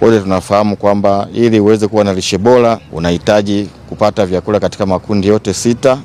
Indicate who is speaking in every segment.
Speaker 1: Wote tunafahamu kwamba ili uweze kuwa na lishe bora unahitaji kupata vyakula katika makundi yote sita,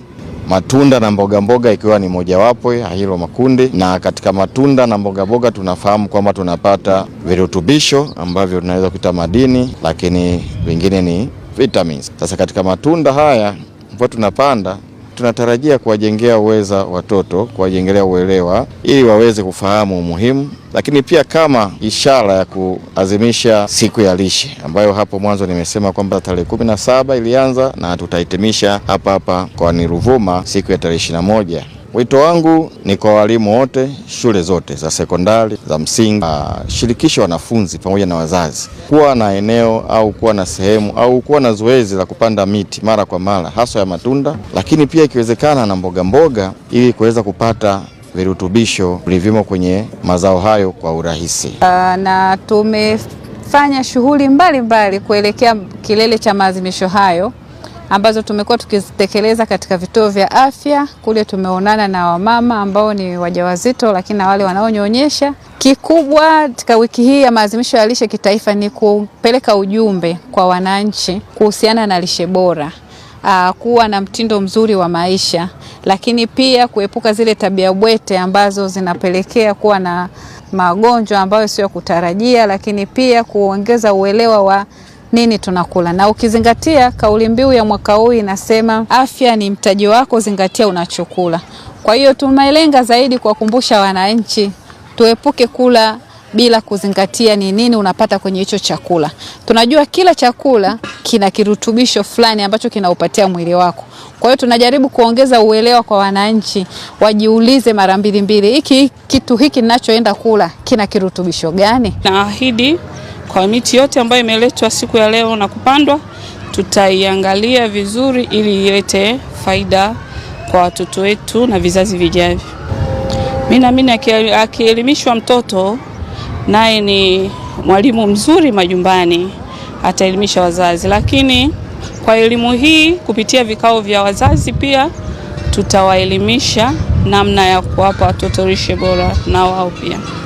Speaker 1: matunda na mboga mboga ikiwa ni mojawapo ya hilo makundi. Na katika matunda na mboga mboga tunafahamu kwamba tunapata virutubisho ambavyo tunaweza kuita madini, lakini vingine ni vitamins. Sasa katika matunda haya ambayo tunapanda tunatarajia kuwajengea uweza watoto, kuwajengelea uelewa ili waweze kufahamu umuhimu, lakini pia kama ishara ya kuazimisha siku ya lishe ambayo hapo mwanzo nimesema kwamba tarehe kumi na saba ilianza na tutahitimisha hapa hapa mkoani Ruvuma siku ya tarehe ishirini na moja. Wito wangu ni kwa walimu wote shule zote za sekondari, za msingi, shirikisho wanafunzi pamoja na wazazi kuwa na eneo au kuwa na sehemu au kuwa na zoezi la kupanda miti mara kwa mara, hasa ya matunda, lakini pia ikiwezekana na mboga mboga, ili kuweza kupata virutubisho vilivyomo kwenye mazao hayo kwa urahisi.
Speaker 2: Uh, na tumefanya shughuli mbalimbali kuelekea kilele cha maadhimisho hayo ambazo tumekuwa tukizitekeleza katika vituo vya afya. Kule tumeonana na wamama ambao ni wajawazito, lakini na wale wanaonyonyesha. Kikubwa katika wiki hii ya maadhimisho ya lishe kitaifa ni kupeleka ujumbe kwa wananchi kuhusiana na lishe bora. aa, ah, kuwa na mtindo mzuri wa maisha lakini pia kuepuka zile tabia bwete ambazo zinapelekea kuwa na magonjwa ambayo sio kutarajia, lakini pia kuongeza uelewa wa nini tunakula, na ukizingatia kauli mbiu ya mwaka huu inasema afya ni mtaji wako, zingatia unachokula. Kwa hiyo tumelenga zaidi kuwakumbusha wananchi tuepuke kula bila kuzingatia ni nini unapata kwenye hicho chakula. Tunajua kila chakula kina kirutubisho fulani ambacho kinaupatia mwili wako. Kwa hiyo tunajaribu kuongeza uelewa kwa wananchi, wajiulize mara mbili mbili, hiki kitu hiki ninachoenda kula kina kirutubisho gani?
Speaker 3: Naahidi kwa miti yote ambayo imeletwa siku ya leo na kupandwa, tutaiangalia vizuri ili ilete faida kwa watoto wetu na vizazi vijavyo. Mimi naamini akielimishwa mtoto naye ni mwalimu mzuri majumbani, ataelimisha wazazi. Lakini kwa elimu hii kupitia vikao vya wazazi pia tutawaelimisha namna ya kuwapa watoto lishe bora na wao pia.